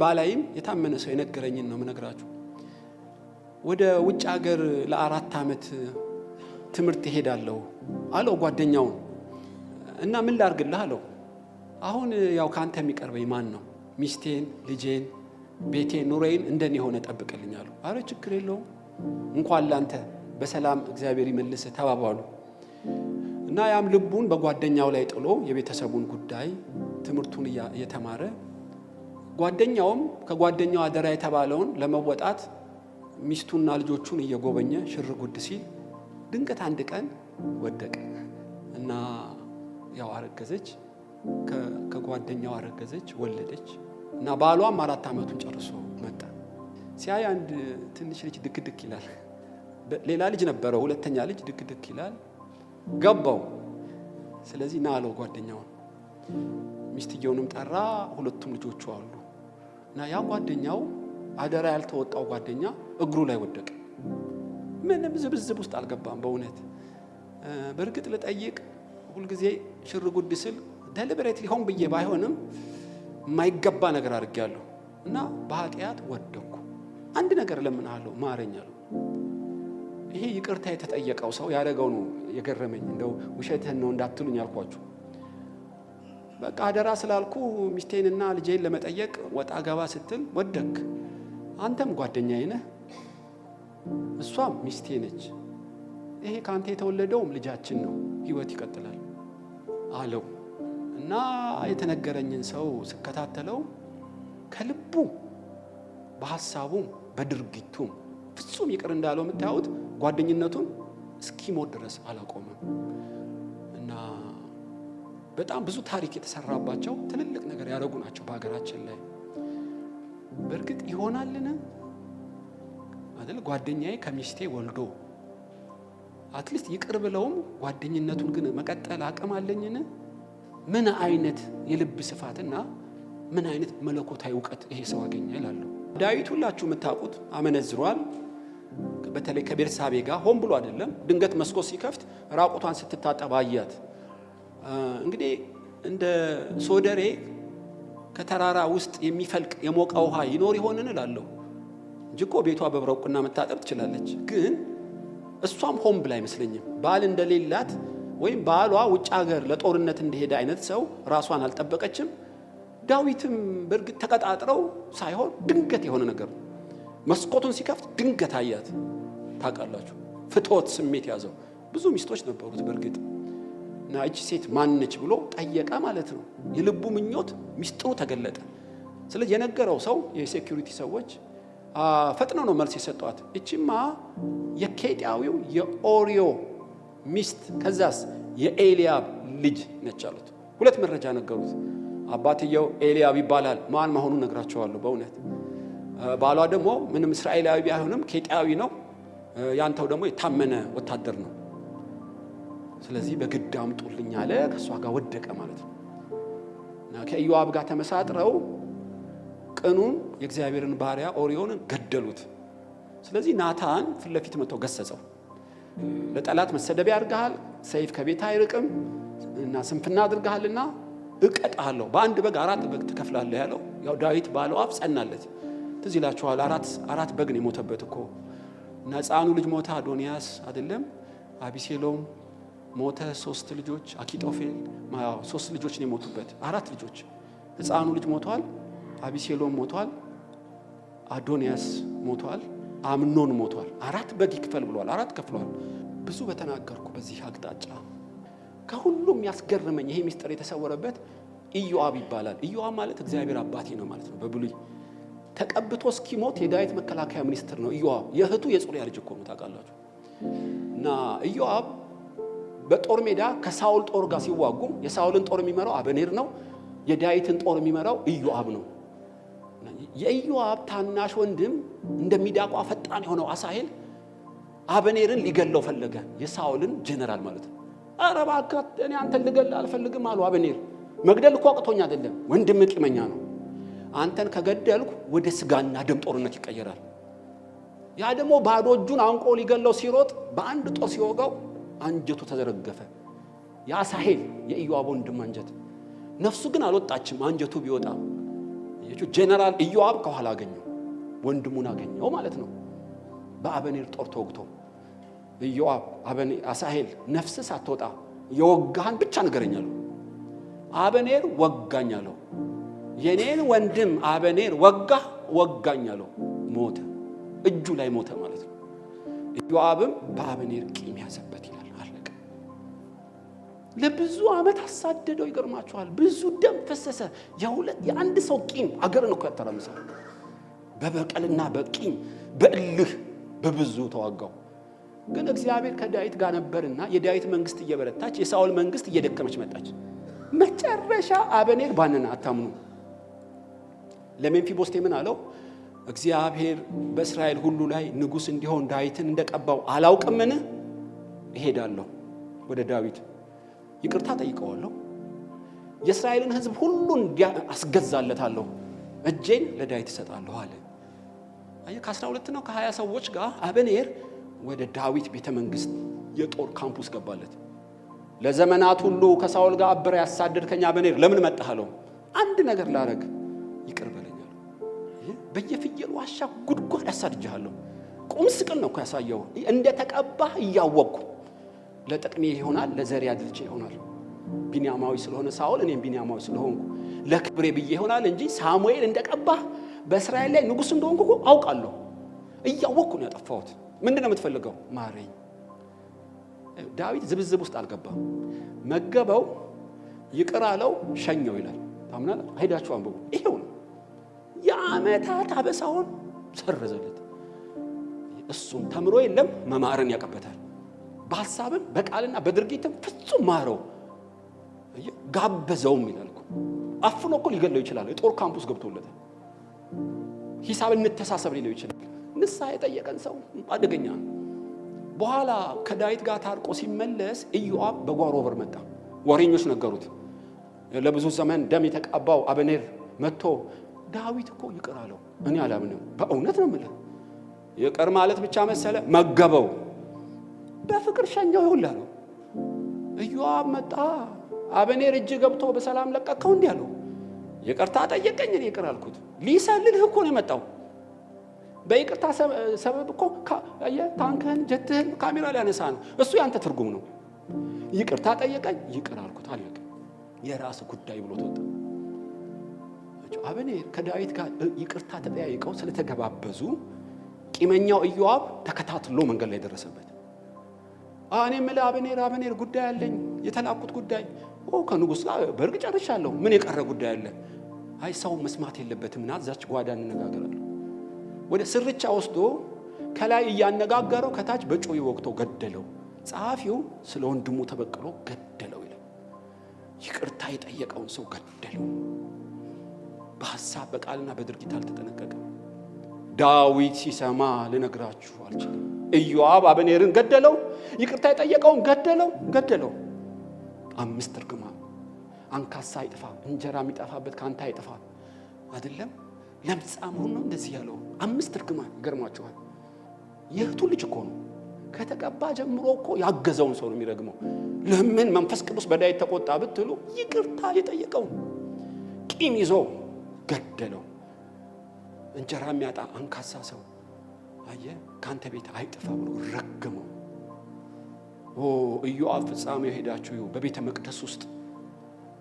ባላይም የታመነ ሰው የነገረኝን ነው ምነግራችሁ። ወደ ውጭ ሀገር ለአራት ዓመት ትምህርት ይሄዳለሁ አለው ጓደኛውን። እና ምን ላርግልህ አለው። አሁን ያው ከአንተ የሚቀርበኝ ማን ነው? ሚስቴን፣ ልጄን፣ ቤቴን፣ ኑሮዬን እንደኔ የሆነ ጠብቅልኝ አሉ። አረ ችግር የለውም እንኳን ላንተ በሰላም እግዚአብሔር ይመልስ ተባባሉ። እና ያም ልቡን በጓደኛው ላይ ጥሎ የቤተሰቡን ጉዳይ ትምህርቱን እየተማረ ጓደኛውም ከጓደኛው አደራ የተባለውን ለመወጣት ሚስቱና ልጆቹን እየጎበኘ ሽር ጉድ ሲል ድንገት አንድ ቀን ወደቀ እና ያው አረገዘች። ከጓደኛው አረገዘች፣ ወለደች እና ባሏም አራት ዓመቱን ጨርሶ መጣ። ሲያይ አንድ ትንሽ ልጅ ድክድክ ይላል። ሌላ ልጅ ነበረው፣ ሁለተኛ ልጅ ድክድክ ይላል። ገባው። ስለዚህ ና አለው ጓደኛውን። ሚስትየውንም ጠራ። ሁለቱም ልጆቹ አሉ። እና ያ ጓደኛው አደራ ያልተወጣው ጓደኛ እግሩ ላይ ወደቀ። ምንም ዝብዝብ ውስጥ አልገባም። በእውነት በእርግጥ ልጠይቅ ሁልጊዜ ሽር ጉድ ስል ደሊበሬት ሊሆን ብዬ ባይሆንም የማይገባ ነገር አድርጌያለሁ እና በኃጢአት ወደኩ። አንድ ነገር ለምንሃለሁ ማረኛለሁ። ይሄ ይቅርታ የተጠየቀው ሰው ያደረገው ነው የገረመኝ። እንደው ውሸትህን ነው እንዳትሉኝ አልኳችሁ። በቃ አደራ ስላልኩ ሚስቴንና ልጄን ለመጠየቅ ወጣ ገባ ስትል ወደክ። አንተም ጓደኛዬ ነህ፣ እሷም ሚስቴ ነች። ይሄ ከአንተ የተወለደውም ልጃችን ነው፣ ህይወት ይቀጥላል አለው እና የተነገረኝን ሰው ስከታተለው ከልቡ በሀሳቡም በድርጊቱም ፍጹም ይቅር እንዳለው የምታዩት ጓደኝነቱን እስኪሞት ድረስ አላቆመም። በጣም ብዙ ታሪክ የተሰራባቸው ትልልቅ ነገር ያደረጉ ናቸው በሀገራችን ላይ። በእርግጥ ይሆናልን አይደል? ጓደኛዬ ከሚስቴ ወልዶ አትሊስት ይቅር ብለውም ጓደኝነቱን ግን መቀጠል አቅም አለኝን? ምን አይነት የልብ ስፋትና ምን አይነት መለኮታዊ እውቀት ይሄ ሰው አገኘ ይላሉ። ዳዊት ሁላችሁ የምታውቁት አመነዝሯል። በተለይ ከቤርሳቤ ጋር ሆን ብሎ አይደለም። ድንገት መስኮት ሲከፍት ራቁቷን ስትታጠባያት። አያት። እንግዲህ እንደ ሶደሬ ከተራራ ውስጥ የሚፈልቅ የሞቀ ውሃ ይኖር ይሆንን እላለሁ። እንጂ እኮ ቤቷ በብረቁና መታጠብ ትችላለች። ግን እሷም ሆን ብላ አይመስለኝም። ባል እንደሌላት ወይም ባሏ ውጭ ሀገር ለጦርነት እንደሄደ አይነት ሰው ራሷን አልጠበቀችም። ዳዊትም በእርግጥ ተቀጣጥረው ሳይሆን ድንገት የሆነ ነገር ነው። መስኮቱን ሲከፍት ድንገት አያት። ታውቃላችሁ፣ ፍትወት ስሜት ያዘው። ብዙ ሚስቶች ነበሩት በእርግጥ እና እቺ ሴት ማነች ብሎ ጠየቀ ማለት ነው። የልቡ ምኞት ሚስጥሩ ተገለጠ። ስለዚህ የነገረው ሰው የሴኩሪቲ ሰዎች ፈጥነው ነው መልስ የሰጠዋት። እቺማ የኬጢያዊው የኦሪዮ ሚስት ከዛስ የኤልያብ ልጅ ነች አሉት። ሁለት መረጃ ነገሩት። አባትየው ኤልያብ ይባላል። ማን መሆኑ ነግራቸዋለሁ በእውነት ባሏ ደግሞ ምንም እስራኤላዊ አይሆንም፣ ኬጢያዊ ነው። ያንተው ደግሞ የታመነ ወታደር ነው ስለዚህ በግድ አምጡልኝ አለ። ከእሷ ጋር ወደቀ ማለት ነው እና ከኢዮአብ ጋር ተመሳጥረው ቀኑን የእግዚአብሔርን ባሪያ ኦሪዮን ገደሉት። ስለዚህ ናታን ፍለፊት ለፊት መጥተው ገሰጸው። ለጠላት መሰደቢያ አድርገሃል፣ ሰይፍ ከቤት አይርቅም እና ስንፍና አድርገሃልና እቀጣለሁ፣ በአንድ በግ አራት በግ ትከፍላለህ ያለው ያው ዳዊት ባለው አፍ ጸናለት። ትዝ ይላችኋል፣ አራት አራት በግ ነው የሞተበት እኮ እና ልጅ ሞታ አዶንያስ አይደለም አቢሴሎም ሞተ። ሶስት ልጆች አኪጦፌል ሶስት ልጆች ነው የሞቱበት። አራት ልጆች ህፃኑ ልጅ ሞቷል። አቢሴሎም ሞቷል። አዶንያስ ሞቷል። አምኖን ሞቷል። አራት በግ ይክፈል ብሏል። አራት ከፍሏል። ብዙ በተናገርኩ በዚህ አቅጣጫ ከሁሉም ያስገረመኝ ይሄ ሚስጥር የተሰወረበት ኢዮአብ ይባላል። ኢዮአብ ማለት እግዚአብሔር አባቴ ነው ማለት ነው በብሉይ ተቀብቶ እስኪሞት የዳዊት መከላከያ ሚኒስትር ነው ኢዮአብ። የእህቱ የጽሩያ ልጅ እኮ ነው ታውቃላችሁ። እና ኢዮአብ በጦር ሜዳ ከሳውል ጦር ጋር ሲዋጉ የሳውልን ጦር የሚመራው አበኔር ነው። የዳዊትን ጦር የሚመራው ኢዮአብ ነው። የኢዮአብ ታናሽ ወንድም እንደሚዳቋ ፈጣን የሆነው አሳሄል አበኔርን ሊገለው ፈለገ። የሳውልን ጄኔራል ማለት ነው። ኧረ እባክህ እኔ አንተን ልገል አልፈልግም አሉ አበኔር። መግደል እኮ አቅቶኝ አይደለም፣ ወንድም ቂመኛ ነው። አንተን ከገደልኩ ወደ ስጋና ደም ጦርነት ይቀየራል። ያ ደግሞ ባዶ እጁን አንቆ ሊገለው ሲሮጥ በአንድ ጦር ሲወጋው አንጀቱ ተዘረገፈ። የአሳሄል የኢዮአብ ወንድም አንጀት፣ ነፍሱ ግን አልወጣችም። አንጀቱ ቢወጣ ጄኔራል ኢዮአብ ከኋላ አገኘው፣ ወንድሙን አገኘው ማለት ነው። በአበኔር ጦር ተወግቶ ኢዮአብ አሳሄል ነፍስ ሳትወጣ የወጋህን ብቻ ንገረኛለሁ። አበኔር ወጋኛለሁ፣ የኔን ወንድም አበኔር ወጋ ወጋኛለሁ። ሞተ፣ እጁ ላይ ሞተ ማለት ነው። ኢዮአብም በአበኔር ቂም ያዘበት ይላል። አለቀ። ለብዙ ዓመት አሳደደው። ይገርማችኋል። ብዙ ደም ፈሰሰ። የአንድ ሰው ቂም አገር ነው ያተራምሳል። በበቀልና በቂም በእልህ በብዙ ተዋጋው። ግን እግዚአብሔር ከዳዊት ጋር ነበርና የዳዊት መንግስት እየበረታች የሳኦል መንግስት እየደከመች መጣች። መጨረሻ አበኔር ባነና አታምኑ ለሜምፊቦስቴ ምን አለው? እግዚአብሔር በእስራኤል ሁሉ ላይ ንጉሥ እንዲሆን ዳዊትን እንደቀባው አላውቅምን? እሄዳለሁ ወደ ዳዊት ይቅርታ ጠይቀዋለሁ። የእስራኤልን ሕዝብ ሁሉ አስገዛለታለሁ፣ እጄን ለዳዊት እሰጣለሁ አለ። ከአስራ ሁለት ነው ከሀያ ሰዎች ጋር አበኔር ወደ ዳዊት ቤተ መንግሥት የጦር ካምፕ ገባለት። ለዘመናት ሁሉ ከሳውል ጋር አብረ ያሳደድከኝ አበኔር ለምን መጣህ አለው። አንድ ነገር ላረግ ይቅርበ በየፍየሉ ዋሻ ጉድጓድ አሳድጃለሁ። ቁም ስቅል ነው እኮ ያሳየው። እንደ ተቀባህ እያወቅኩ ለጥቅሜ ይሆናል፣ ለዘሬ አድልቼ ይሆናል። ቢንያማዊ ስለሆነ ሳኦል እኔም ቢንያማዊ ስለሆንኩ ለክብሬ ብዬ ይሆናል እንጂ ሳሙኤል እንደቀባህ በእስራኤል ላይ ንጉሥ እንደሆንኩ አውቃለሁ። እያወቅኩ ነው ያጠፋሁት። ምንድን ነው የምትፈልገው? ማረኝ። ዳዊት ዝብዝብ ውስጥ አልገባም። መገበው፣ ይቅር አለው፣ ሸኘው ይላል። ታምናለህ? ሄዳችሁ አንብቡ። ይሄው የአመታት አበሳውን ሰረዘለት። እሱም ተምሮ የለም መማርን ያቀበታል። በሀሳብም በቃልና በድርጊትም ፍጹም ማረው ጋበዘውም ይላል እኮ። አፍኖ እኮ ሊገለው ይችላል። የጦር ካምፑስ ገብቶለታል። ሂሳብ እንተሳሰብ ሊለው ይችላል። ንስሐ የጠየቀን ሰው አደገኛ ነው። በኋላ ከዳዊት ጋር ታርቆ ሲመለስ ኢዮአብ በጓሮ በር መጣ። ወሬኞች ነገሩት። ለብዙ ዘመን ደም የተቃባው አበኔር መጥቶ ዳዊት እኮ ይቅር አለው። እኔ አላምንም፣ በእውነት ነው የምልህ። ይቅር ማለት ብቻ መሰለ መገበው፣ በፍቅር ሸኛው። ይሁላ ነው ኢዮአብ መጣ፣ አበኔር እጅ ገብቶ በሰላም ለቀቀው። እንዲህ አለው፣ ይቅርታ ጠየቀኝ፣ እኔ ይቅር አልኩት። ሊሰልልህ እኮ ነው የመጣው። በይቅርታ ሰበብ እኮ ታንክህን፣ ጀትህን ካሜራ ሊያነሳ ነው። እሱ ያንተ ትርጉም ነው። ይቅርታ ጠየቀኝ፣ ይቅር አልኩት፣ አለቀ። የራስ ጉዳይ ብሎ ተወጣ። ናቸው። አበኔር ከዳዊት ጋር ይቅርታ ተጠያይቀው ስለተገባበዙ ቂመኛው ኢዮአብ ተከታትሎ መንገድ ላይ ደረሰበት። እኔ የምልህ አበኔር አበኔር ጉዳይ አለኝ የተላኩት ጉዳይ ከንጉሥ ጋር በእርግ ጨርሻለሁ። ምን የቀረ ጉዳይ አለ? አይ ሰው መስማት የለበትም ና እዛች ጓዳ እንነጋገራለሁ። ወደ ስርቻ ወስዶ ከላይ እያነጋገረው ከታች በጮይ ወቅቶ ገደለው። ጸሐፊው ስለ ወንድሙ ተበቅሎ ገደለው ይላል። ይቅርታ የጠየቀውን ሰው ገደለው። በሐሳብ በቃልና በድርጊት አልተጠነቀቀም። ዳዊት ሲሰማ ልነግራችሁ አልችልም። ኢዮአብ አበኔርን ገደለው፣ ይቅርታ የጠየቀውን ገደለው ገደለው። አምስት እርግማን አንካሳ አይጥፋ፣ እንጀራ የሚጠፋበት ከአንተ አይጥፋ አይደለም ለምጻም ሆኖ እንደዚህ ያለው አምስት እርግማን ይገርማችኋል። የእህቱ ልጅ እኮ ነው። ከተቀባ ጀምሮ እኮ ያገዘውን ሰው ነው የሚረግመው። ለምን መንፈስ ቅዱስ በዳዊት ተቆጣ ብትሉ ይቅርታ የጠየቀው ቂም ይዞ ገደለው። እንጀራ የሚያጣ አንካሳ ሰው አየ ከአንተ ቤት አይጠፋ ብሎ ረገመው። ኦ ኢዮአብ ፍጻሜው ሄዳችሁ ይሁ በቤተ መቅደስ ውስጥ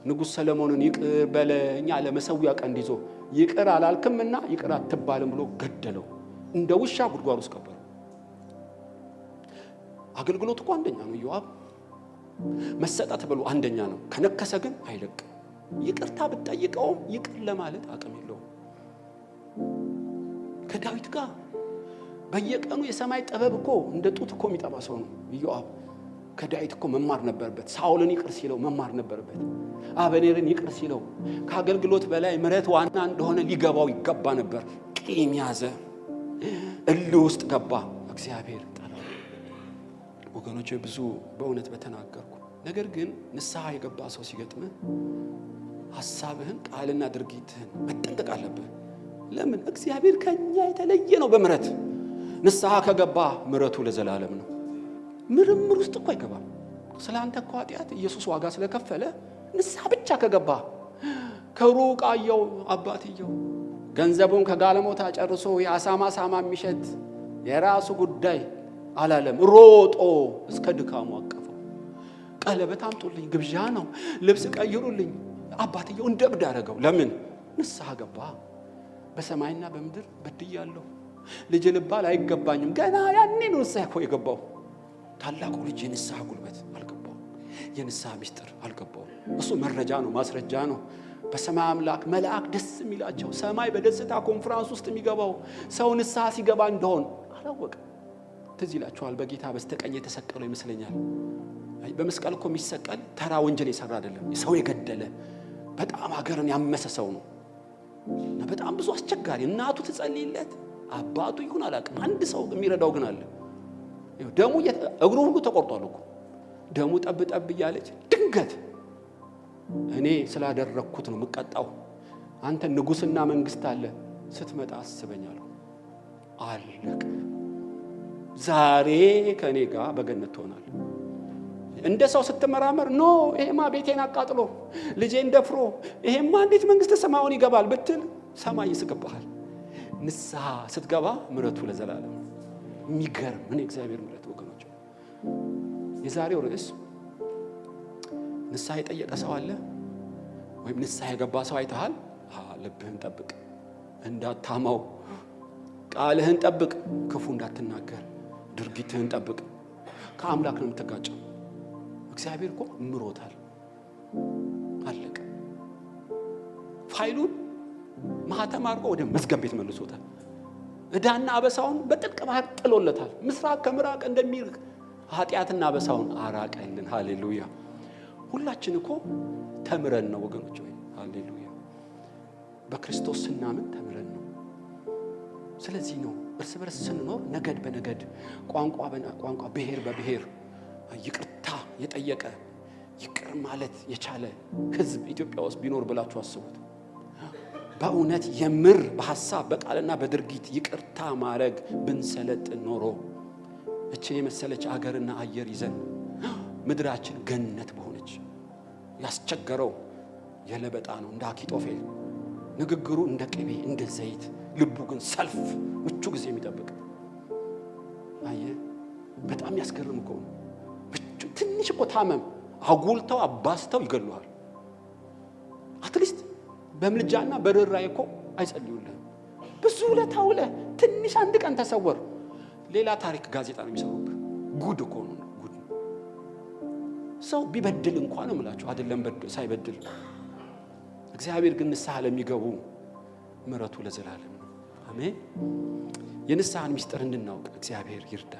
ንጉሥ ሰለሞንን ይቅር በለኝ አለ። መሰዊያ ቀንድ ይዞ ይቅር አላልክምና ይቅር አትባልም ብሎ ገደለው። እንደ ውሻ ጉድጓድ ውስጥ ቀበረው። አገልግሎት እኮ አንደኛ ነው። ኢዮአብ መሰጠት ብሎ አንደኛ ነው። ከነከሰ ግን አይለቅም። ይቅርታ ብትጠይቀውም ይቅር ለማለት አቅም የለውም። ከዳዊት ጋር በየቀኑ የሰማይ ጥበብ እኮ እንደ ጡት እኮ የሚጠባ ሰው ነው ኢዮአብ። ከዳዊት እኮ መማር ነበረበት። ሳውልን ይቅር ሲለው መማር ነበረበት። አበኔርን ይቅር ሲለው ከአገልግሎት በላይ ምረት ዋና እንደሆነ ሊገባው ይገባ ነበር። ቂም ያዘ፣ እልህ ውስጥ ገባ። እግዚአብሔር ጠላ። ወገኖች ብዙ በእውነት በተናገርኩ ነገር ግን ንስሐ የገባ ሰው ሲገጥም ሀሳብህን፣ ቃልና ድርጊትህን መጠንቀቅ አለብህ። ለምን? እግዚአብሔር ከኛ የተለየ ነው በምረት ንስሐ ከገባ ምረቱ ለዘላለም ነው። ምርምር ውስጥ እኮ አይገባም። ስለ አንተ እኮ ኃጢአት ኢየሱስ ዋጋ ስለከፈለ ንስሐ ብቻ ከገባ ከሩቅ አየው አባትየው ገንዘቡን ከጋለሞታ ጨርሶ የአሳማ ሳማ የሚሸት የራሱ ጉዳይ አላለም። ሮጦ እስከ ድካሙ አቀ ቀለበት አምጡልኝ፣ ግብዣ ነው፣ ልብስ ቀይሩልኝ። አባትየው እንደ እብድ አደረገው። ለምን? ንስሐ ገባ። በሰማይና በምድር በድያለሁ፣ ልጅ ልባል አይገባኝም። ገና ያኔ ነው ንስሐ እኮ የገባው። ታላቁ ልጅ የንስሐ ጉልበት አልገባው፣ የንስሐ ምስጢር አልገባው። እሱ መረጃ ነው፣ ማስረጃ ነው። በሰማይ አምላክ መልአክ ደስ የሚላቸው ሰማይ በደስታ ኮንፍራንስ ውስጥ የሚገባው ሰው ንስሐ ሲገባ እንደሆን አላወቅም። ትዝ ይላችኋል። በጌታ በስተቀኝ የተሰቀለው ይመስለኛል በመስቀል እኮ የሚሰቀል ተራ ወንጀል የሰራ አይደለም፣ ሰው የገደለ በጣም ሀገርን ያመሰ ሰው ነው። እና በጣም ብዙ አስቸጋሪ እናቱ ትጸልይለት አባቱ ይሁን አላውቅም፣ አንድ ሰው የሚረዳው ግን አለ። ደሙ እግሩ ሁሉ ተቆርጧል እኮ ደሙ ጠብ ጠብ እያለች ድንገት እኔ ስላደረግኩት ነው የምቀጣው፣ አንተ ንጉሥና መንግሥት አለ ስትመጣ አስበኛለሁ። አለቅ ዛሬ ከእኔ ጋር በገነት ትሆናል። እንደ ሰው ስትመራመር ኖ ይሄማ ቤቴን አቃጥሎ ልጄን ደፍሮ ይሄማ እንዴት መንግስት ሰማውን ይገባል ብትል ሰማይ ይስቅብሃል። ንስሐ ስትገባ ምረቱ ለዘላለም የሚገርም እኔ እግዚአብሔር ምረት ወገኖች። የዛሬው ርዕስ ንስሐ የጠየቀ ሰው አለ ወይም ንስሐ የገባ ሰው አይተሃል። ልብህን ጠብቅ እንዳታማው፣ ቃልህን ጠብቅ፣ ክፉ እንዳትናገር፣ ድርጊትህን ጠብቅ። ከአምላክ ነው የምትጋጨው። እግዚአብሔር እኮ ምሮታል። አለቀ። ፋይሉን ማህተም አድርጎ ወደ መዝገብ ቤት መልሶታል። እዳና አበሳውን በጥልቅ ባህር ጥሎለታል። ምስራቅ ከምራቅ እንደሚርቅ ኃጢአትና አበሳውን አራቀልን። ሃሌሉያ! ሁላችን እኮ ተምረን ነው ወገኖች። ወይ ሃሌሉያ! በክርስቶስ ስናምን ተምረን ነው። ስለዚህ ነው እርስ በርስ ስንኖር ነገድ በነገድ ቋንቋ በቋንቋ ብሔር በብሔር ይቅርታ የጠየቀ ይቅር ማለት የቻለ ህዝብ ኢትዮጵያ ውስጥ ቢኖር ብላችሁ አስቡት። በእውነት የምር በሀሳብ በቃልና በድርጊት ይቅርታ ማድረግ ብንሰለጥን ኖሮ እችን የመሰለች አገርና አየር ይዘን ምድራችን ገነት በሆነች። ያስቸገረው የለበጣ ነው እንደ አኪጦፌል ንግግሩ እንደ ቅቤ እንደ ዘይት፣ ልቡ ግን ሰልፍ ምቹ ጊዜ የሚጠብቅ አየ። በጣም ያስገርም እኮ ነው። ትንሽ እኮ ታመም አጉልተው አባስተው ይገሉሃል። አትሊስት በምልጃና በርራ እኮ አይጸልዩልህም። ብዙ ውለታ ውለ ትንሽ አንድ ቀን ተሰወር፣ ሌላ ታሪክ ጋዜጣ ነው የሚሰሩብህ። ጉድ እኮ ነው ጉድ። ሰው ቢበድል እንኳን ምላቸው አደለም ሳይበድል እግዚአብሔር ግን ንስሐ ለሚገቡ ምረቱ ለዘላለም ነው። አሜን። የንስሐን ሚስጥር እንድናውቅ እግዚአብሔር ይርዳ።